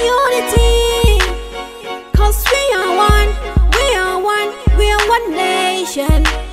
unity. Cause we are one, we are one, we are one nation.